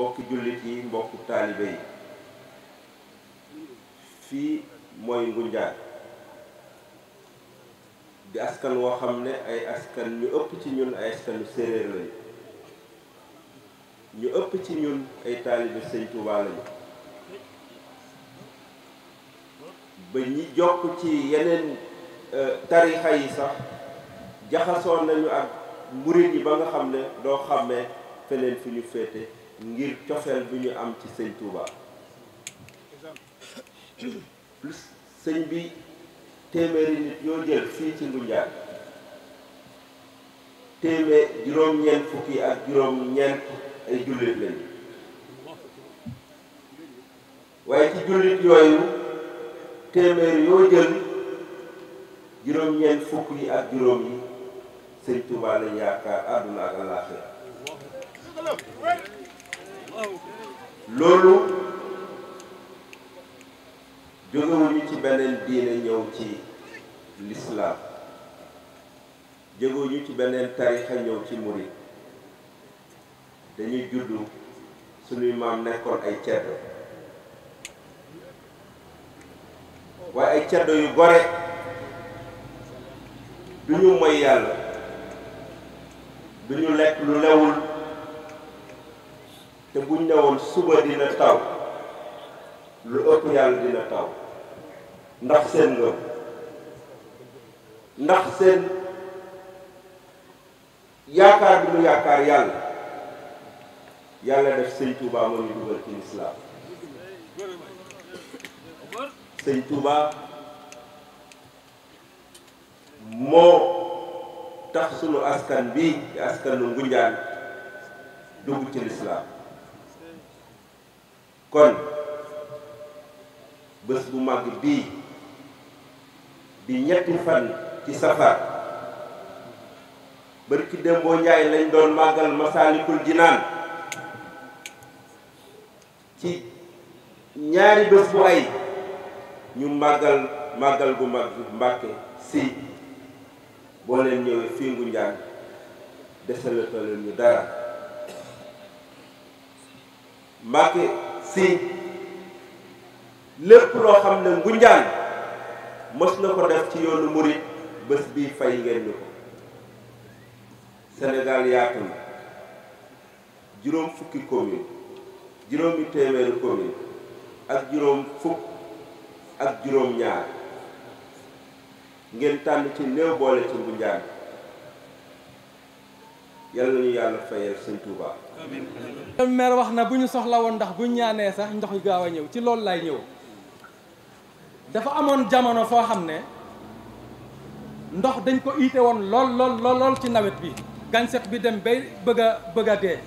mbokki jullit yi mbokki taalibe yi fii mooy Ngunjaan di askan woo xam ne ay askan ñu ëpp ci ñun ay askanu séeréer lañu ñu ëpp ci ñun ay taalibe sëñ Tuubaa ba ñi jokk ci yeneen euh, tarixa yi sax jaxasoo nañu ak murit yi ba nga xam ne doo xàmmee feneen fi ñu féete ngir cofeel bi ñu am ci sëñ Touba plus sëñ bi téeméeri nit yoo jël fii ci Ngunjaan téeméer juróom-ñeent fukki ak juróom-ñeent ay jullit lañu waaye ci jullit yooyu téeméer yoo jël juróom-ñeent fukk yi ak juróom yi sëñ Touba lañ yaakaar àdduna ak àllaaxira loolu jógewuñu ci beneen diine ñëw ci lislaam jógewuñu ci beneen tarixa ñëw ci murit dañuy juddu suñuy maam nekkoon ay ceddo waaye ay ceddo yu gore duñu moy yàlla duñu lekk lu lewul te bu ne woon suba dina taw lu ëpp yàlla dina taw ndax seen ngëm ndax seen yaakaar bi mu yaakaar yàlla yàlla def sëñ Touba moo ñu ci lislaam sëñ Touba moo tax sunu askan bi di askanu Ngunjaan dugg ci lislaam kon bés bu mag bii bi ñetti fan ci safar bërki démboo njaay lañ doon màggal masaalikul jinaan ci ñaari bés bu ay ñu màggal màggal bu mag mbàkke si boo leen ñëwee fii ngu njàng desalatoo leen ñu dara mbàkke si lépp loo xam ne Ngoundiane mës na ko def ci yoonu murit bés bii fay ngeen ñu ko Sénégal yaatu na juróom fukki commune juróomi téeméeri commune ak juróom fukk ak juróom ñaar ngeen tànn ci néew boole ci Ngoundiane yal nañu yàlla fayal sëñ Touba. amiin maire wax na bu ñu soxla woon ndax bu ñu ñaanee sax ndox yu gaaw a ñëw ci loolu laay ñëw dafa amoon jamono foo xam ne ndox dañ ko iite woon lool lool lool ci nawet bi gàncax bi dem bay bëgg a bëgg a dee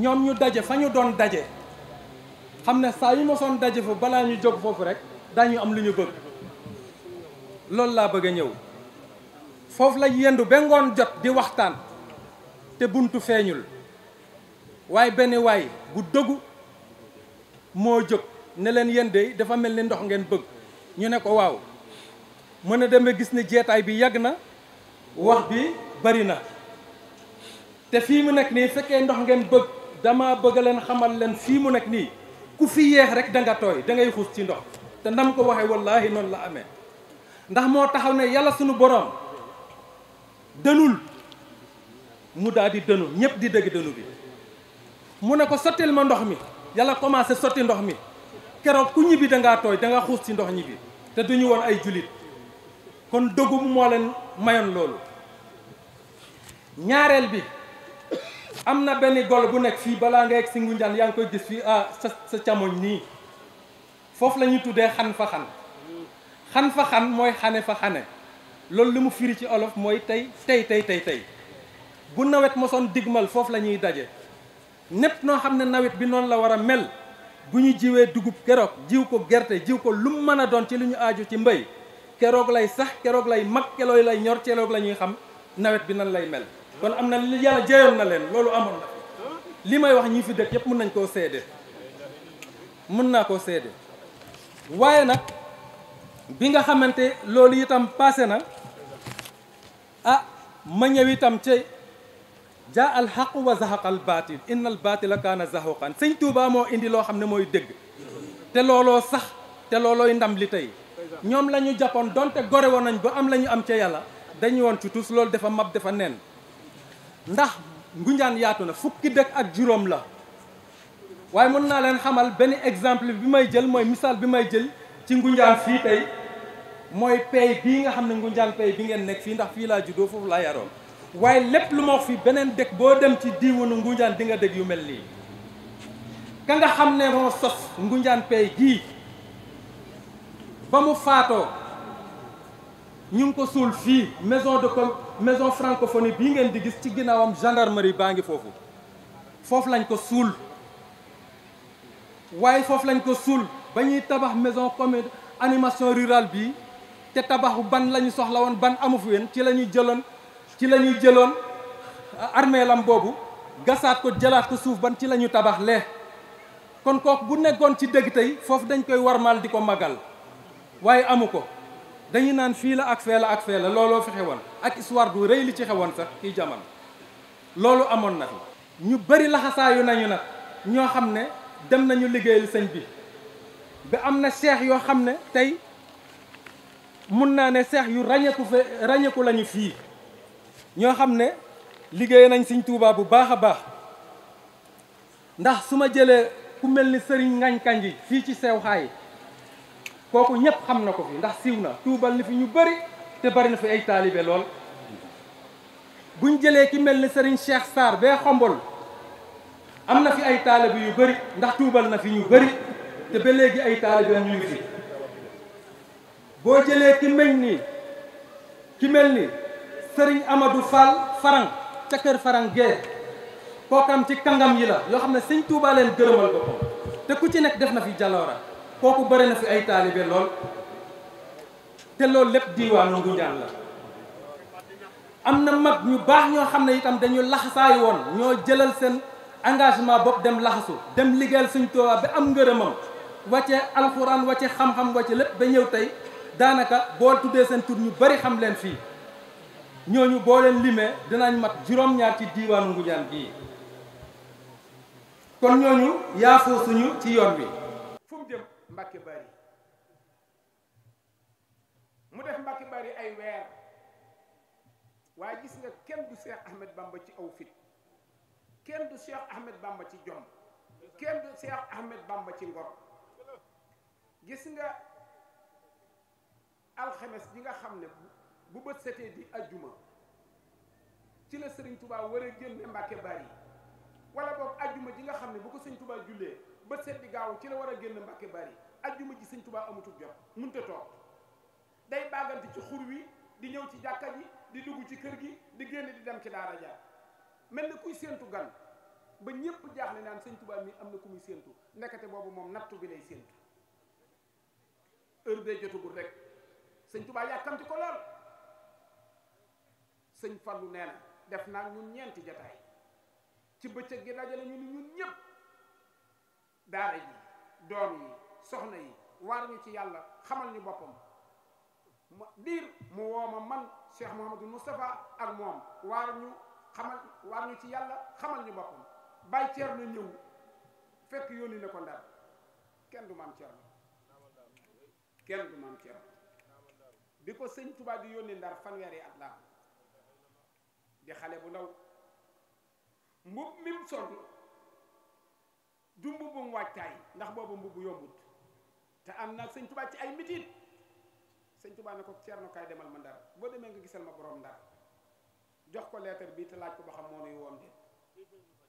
ñoom ñu daje fa ñu doon daje xam ne saa yu ma daje fa balaa ñu jóg foofu rek daañu am lu ñu bëgg loolu laa bëgg a ñëw foofu la yendu ba ngoon jot di waxtaan te buntu feeñul waaye benn waay bu dogu moo jóg ne leen yéen de dafa mel ni ndox ngeen bëgg ñu ne ko waaw mën a demee gis ne jeetaay bi yàgg na wax bi bari na te fii mu nekk nii fekkee ndox ngeen bëgg dama bëgg leen xamal leen fii mu nekk nii ku fi yeex rek danga nga tooy da ngay xuus ci ndox te ndam ko waxee wallahi noonu la ame ndax moo taxaw ne yàlla sunu boroom dënul mu daal di dënu ñëpp di dégg dënu bi mu ne ko sottil ma ndox mi yàlla commencé sotti ndox mi keroog ku ñibbi da ngaa tooy da nga xuus ci ndox ñibbi te ñu woon ay jullit kon dëggum moo leen mayoon loolu ñaareel bi am na benn gol bu nekk fii balaa nga egg si Ngoundiane yaa ngi koy gis fii ah sa sa camoñ nii foofu lañuy tuddee xan fa xan xan fa xan mooy xane fa xane loolu li mu firi ci olof mooy tey tey tey tey tey bu nawet mosoon digmal foofu la ñuy daje népp noo xam ne nawet bi noonu la war a mel bu ñu jiwee dugub keroog jiw ko gerte jiw ko lu mën a doon ci lu ñu aaju ci mbay keroog lay sax keroog lay mag keroog lay ñor keroog la ñuy xam nawet bi nan lay mel kon am na li yàlla jeeyoon na leen loolu amoon na li may wax ñi fi dëkk yëpp mën nañ koo seede mën naa koo seede waaye nag bi nga xamante loolu itam passé na ah ma ñëw itam ci jaa al xaq wa zahaqa al baatil inna al baatila kaana zahuqan sëñ Touba moo indi loo xam ne mooy dëgg te looloo sax te loolooy ndam li tey ñoom lañu ñu jàppoon donte gore woon nañ ba am la ñu am ca yàlla dañu woon ci tus loolu dafa mab dafa nen ndax Ngunjaan yaatu na fukki dëkk ak juróom la waaye mën naa leen xamal benn exemple bi may jël mooy misaal bi may jël ci Ngunjaan fii tey mooy pay bii nga xam ne Ngunjaan pay bi ngeen nekk fii ndax fii laa juddoo foofu laa yaroon waaye lépp lu moo wax fi beneen dëkk boo dem ci diiwanu Ngunjaan di nga dégg yu mel nii ka nga xam ne moo sos Ngunjaan pay gii ba mu faatoo ñu ngi ko suul fii maison de com maison francophonie bii ngeen di gis ci ginnaawam gendarmerie baa ngi foofu foofu lañ ko suul waaye foofu lañ ko suul ba ñuy tabax maison comme animation rurale bi te tabaxu ban la soxla woon ban amu fi yéen ci lañuy jëloon ci lañuy jëloon armeelam boobu gasaat ko jalaat ko suuf ban ci lañuy ñu kon kooku bu nekkoon ci dëgg tey foofu dañ koy warmaal di ko magal waaye amu ko dañu naan fii la ak fee la ak fee la looloo fi xewoon ak histoire bu rëy li ci xewoon sax kii jamono loolu amoon na fi ñu bëri laxasaayu nañu nag ñoo xam ne dem nañu liggéeyal sëñ bi ba am na seex yoo xam ne tey mun naa ne seex yu ràññeeku fe ràññeeku lañu fii ñoo xam ne liggéey nañ siñ Tuubaa bu baax a baax ndax su ma jëlee ku mel ni sëriñ ngañ kanji fii ci sew xaay kooku ñépp xam na ko fi ndax siiw na tuubal ni fi ñu bari te bari na fi ay taalibe lool buñ jëlee ki mel ni sëriñ Cheikh Sarr bee xombol am na ay taalibe yu bari ndax tuubal na fi ñu bari te ba léegi ay taalibe ñu fi boo jëlee ki mel ni ki mel ni sëriñ amadu Fall faran ca kër Farang Guèye kookam ci kàngam yi la yoo xam ne sëñ Touba leen gërëmal boppam te ku ci nekk def na fi jaloora kooku bëri na fi ay taalibe lool te loolu lépp diiwaanu Ngoundiane la. am na mag ñu baax ñoo xam ne itam dañu laxasaay woon ñoo jëlal seen engagement bopp dem laxasu dem liggéeyal suñ Touba ba am ngërëmam wàcce alxuraan wàcce xam-xam wàcce lépp ba ñëw tey daanaka boo tuddee seen tur ñu bari xam leen fii. ñooñu boo leen limee dinañ mat juróom-ñaar ci diiwaanu Ngujaan bii kon ñooñu yaafoo suñu ci yoon wi fu mu jëm Mbàkke Bari mu def Mbàkke ay weer waaye gis nga kenn du Cheikh Ahmed Bamba ci aw fit kenn du Cheikh Ahmed Bamba ci jom kenn du Cheikh Ahmed Bamba ci ngor gis nga alxemes bi nga xam ne bu bët setee di ajjuma ci la sëriñ tubaa war a génne mbàkke bari wala boog ajjuma ji nga xam ne bu ko sëñ tubaa jullee bët set di gaaw ci la war a génn mbàkke bari ajjuma ji sëñ tubaa amatul jot munta toog day bàggante ci xur wi di ñëw ci jàkka yi di dugg ci kër gi di génn di dem ci daara ja mel ni kuy séentu gan ba ñépp jaaxle naan sëñ tubaa mi am na ku muy séentu ndekete boobu moom nattu bi lay séentu heure bee jotagul rek sëñ tubaa ko lool sëñ Fallou nee na def naa mu ñeenti jataay ci bëccëg gi dajale ñu ni ñun ñëpp daara ji doom yi soxna yi waar ñu ci yàlla xamal ñu boppam ma diir mu ma man Cheikh Mouhamadou Moustapha ak moom waar ñu xamal waar ñu ci yàlla xamal ñu boppam bàyyi ceer na ñëw fekk yónni na ko ndar kenn du maam ceer kenn du maam ceer bi ko sëñ Tuubaa di yónni ndar yi at laa di xale bu ndaw mbub mi mu sol du mbubum waajtaay ndax boobu mbubbu yombut te am na sëñ tubaa ci ay mitit sëñ tubaa ne ko ceerno kaay demal ma ndar boo demee nga gisal ma borom ndar jox ko leetar bi te laaj ko ba xam moo nuy woon de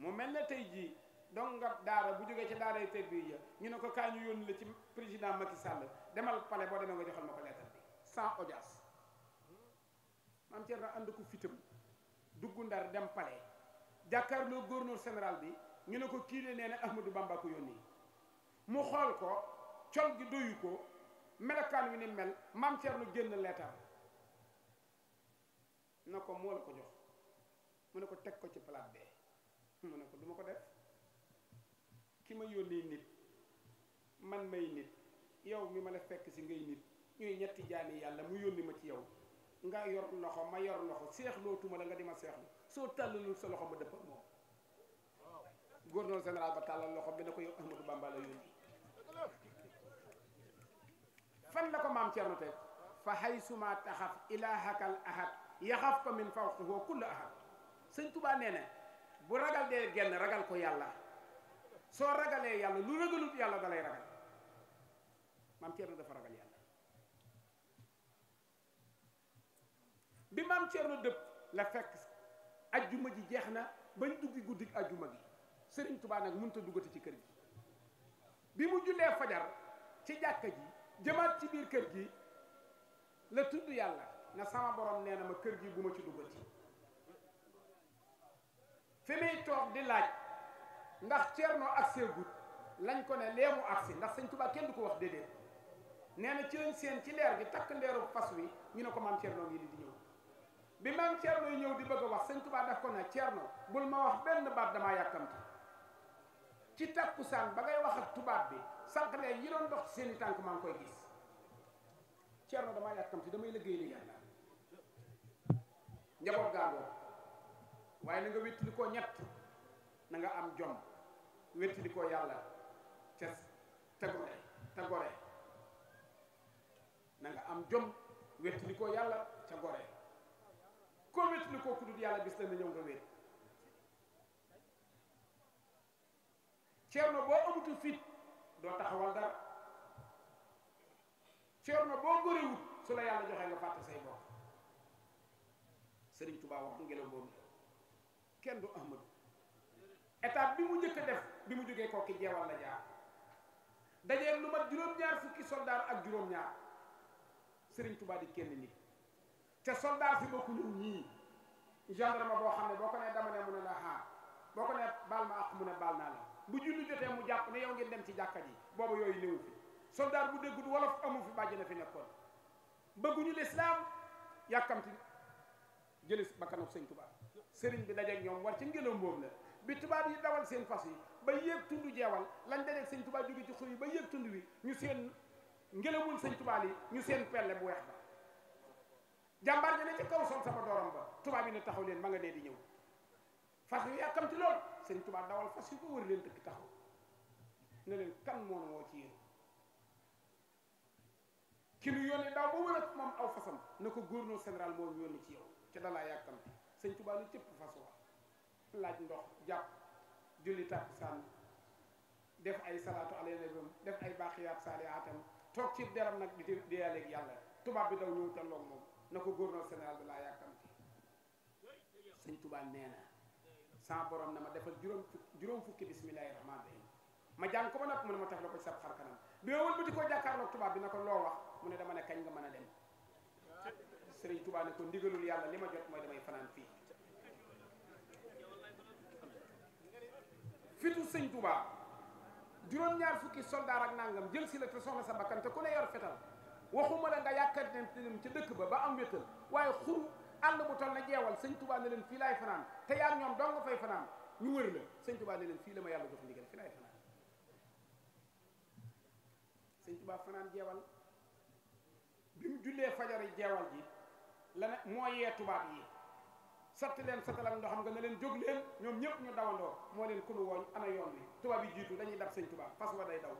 mu mel ne tey jii donc nga daara bu jógee ci daaray tërbiya ñu ne ko kaa ñu yónni la ci président Macky Sall demal palais boo demee nga joxal ma ko leetar bi sans audience maam ceerno ànd ko fitam dugg ndar dem palais jàkkaarloo gouverneur général bi ñu ne ko kii de nee na Ahmadou Bamba ko yónni mu xool ko col gi doyu ko melokaan wi ni mel maam Thierno génn leetar na ko moo la ko jox mu ne ko teg ko ci palaat bee mu ne ko du ko def ki ma yónni nit man may nit yow mi ma la fekk si ngay nit ñuy ñetti jaami yàlla mu yónni ma ci yow nga yor loxo ma yor loxo seexlootuma la nga di ma seexlu soo tàllalul sa loxo ma dëpp ak moom gouverneur général ba tàllal loxo bi ne ko yow Ahmadou Bamba la ko maam Cerno teg fa haysuma taxaf ilaahakal ahad yaxaf ko min fawqihi kullu ahad sëñ Tuubaa nee bu ragal dee genn ragal ko yàlla soo ragalee yàlla lu ragalut yàlla dalay ragal maam Cerno dafa ragal yàlla maam Thierno dëpp la fekk ajjuma ji jeex na bañ duggi guddi ajjuma gi sëriñ Touba nag mënta a duggati ci kër gi bi mu jullee fajar ci jàkka ji jëmaat ci biir kër gi la tudd yàlla na sama borom nee na ma kër gi bu ma ci duggati fi muy toog di laaj ndax ceer Thierno ak seegut lañ ko ne leemu si ndax Sëñ Touba kenn du ko wax déedéet nee na ci seen ci leer gi takk leeru fas wi ñu ne ko maam noo ngi di ñëw bi maam Thierno yi ñëw di bëgg a wax sëñ Tuubaa daf a ne Thierno bul ma wax benn baat damaa yàkkamti ci takkusaan ba ngay wax ak tubaab bi sànq leen yi doon dox ci seen i tànk maa ngi koy gis Thierno damaa yàkkamti damay liggéey li yàlla njaboot gaangoo waaye na nga wéttili koo ñett na nga am jom wéttili yàlla te tegore nga am jom wéttili koo yàlla ca gore koo wétali koo ku dul yàlla bis dana ñëw nga wéet na boo amutu fit doo taxawal dara ceerno boo góorewut su la yàlla joxee nga fàtte say bokk Sëriñ Tuubaa wax ngelaw boobu kenn du Ahmadu étape bi mu njëkk def bi mu jógee kooki jeewal la jaar dajee lu mat juróom-ñaar fukki soldaar ak juróom-ñaar Sëriñ Tuubaa di kenn nit te soldat si bokkuñu ñii gendarme boo xam ne boo ko nee dama ne mu ne la xaar boo ko nee baal ma ak mu ne baal naa la bu julli jotee mu jàpp ne yow ngeen dem ci jàkka ji boobu yooyu néew fi soldat bu déggut wolof amu fi bàjj na fi nekkoon bëgguñu lislaam yàkkamti jëli bakkanam sëñ tubaab sëriñ bi dajeeg ñoom war ci ngelaw mbóom la bi tubaab yi dawal seen fas yi ba yéeg tund jeewal lañ dajeeg sëñ tubaab jóge ci xur yi ba yéeg tund wi ñu seen ngelawul sëñ tubaab yi ñu seen pelle weex ba jàmbaar ja ne ca kaw sol sama dooram ba tubaab yi ne taxaw leen ma nga nee di ñëw fas yu yàkkamti lool sëñ tubaab dawal fas yu ko wër leen dëkk taxaw ne leen kan moom moo ci yéen ki nu yónni daaw ba wër ak moom aw fasam na ko gouverneur général moo ñu yónni ci yow ca dalaa yàkkamti sëñ tubaab lu cëpp fas wa laaj ndox jàpp julli tàkkusaan def ay salaatu ala nabiam def ay baaxiyaat saaliaatam toog ci deram nag di di yàlla yàlla tubaab bi daw ñëw te loog na ko gouverneur général bi laa yàkkamti sëñ Touba nee na sans na ma defal juróom juróom fukki bismillahi rahmaani rahim ma jàng ko ba noppi mu ne ma taf la ko sab xar kanam bi ma wëlbati koo jàkkaarloog tubaab bi na ko loo wax mu ne dama ne kañ nga mën a dem sëriñ Touba ne ko ndigalul yàlla li ma jot mooy damay fanaan fii fitu sëñ Touba juróom-ñaar fukki soldaar ak nangam jël si la te soxna sa bakkan te ku ne yor fetal waxuma la nga yàkkante dem ca dëkk ba ba am wéttal waaye xuru àll bu toll na jeewal sëñ Tuubaa ne leen fii laay fanaan te yaar ñoom dong nga fay fanaan ñu wër la sëñ Tuubaa ne leen fii la ma yàlla jox ndigal fii laay fanaan sëñ Tuubaa fanaan jeewal bi mu jullee fajari jeewal ji la ne moo yee tubaab yi satt leen satalam ndox xam nga ne leen jóg leen ñoom ñëpp ñu dawandoo moo leen kunu wooñ ana yoon wi tubaab yi jiitu lañuy dab sëñ Tuubaa fas day da